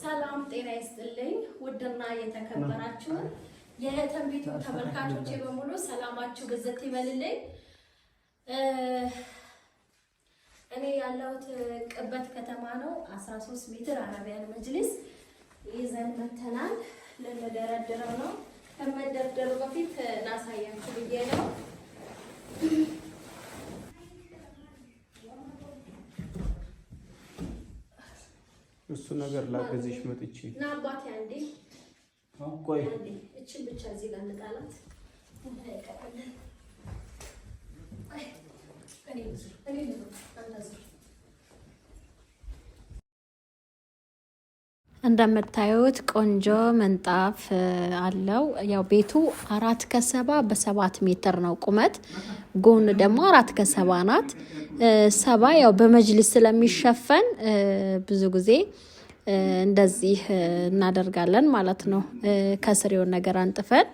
ሰላም ጤና ይስጥልኝ። ውድና የተከበራችሁ የትንቢቱ ተመልካቾቼ በሙሉ ሰላማችሁ ብዝት ይበልልኝ። እኔ ያለሁት ቅበት ከተማ ነው። 13 ሜትር አረቢያን መጅሊስ ይዘን መተናል። ልንደረድረው ነው። ከመደርደሩ በፊት እናሳያችሁ ብዬ ነው። እሱ ነገር ላገዝሽ መጥቼ ና አባቴ፣ አንዴ ቆይ፣ እችን ብቻ እዚህ ጋር እንጣላት። እንደምታዩት ቆንጆ ምንጣፍ አለው። ያው ቤቱ አራት ከሰባ በሰባት ሜትር ነው ቁመት፣ ጎን ደግሞ አራት ከሰባ ናት። ሰባ ያው በመጅልስ ስለሚሸፈን ብዙ ጊዜ እንደዚህ እናደርጋለን ማለት ነው። ከስሬውን ነገር አንጥፈን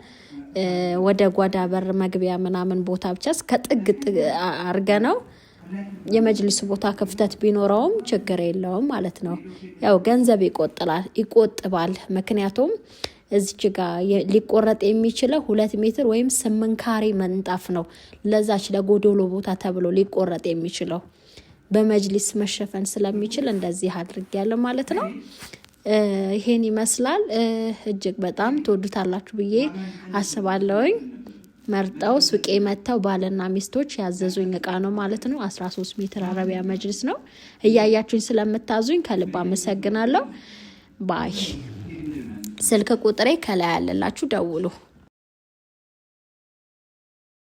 ወደ ጓዳ በር መግቢያ ምናምን ቦታ ብቻ እስከ ጥግ አርገ ነው የመጅልስ ቦታ ክፍተት ቢኖረውም ችግር የለውም ማለት ነው። ያው ገንዘብ ይቆጥባል። ምክንያቱም እዚች ጋ ሊቆረጥ የሚችለው ሁለት ሜትር ወይም ስምንት ካሬ መንጣፍ ነው። ለዛች ለጎዶሎ ቦታ ተብሎ ሊቆረጥ የሚችለው በመጅሊስ መሸፈን ስለሚችል እንደዚህ አድርጌያለሁ ማለት ነው። ይሄን ይመስላል። እጅግ በጣም ትወዱታላችሁ ብዬ አስባለሁኝ። መርጠው ሱቄ መጥተው ባልና ሚስቶች ያዘዙኝ እቃ ነው ማለት ነው። 13 ሜትር አረቢያ መጅልስ ነው። እያያችሁኝ ስለምታዙኝ ከልብ አመሰግናለሁ። ባይ ስልክ ቁጥሬ ከላይ ያለላችሁ ደውሉ።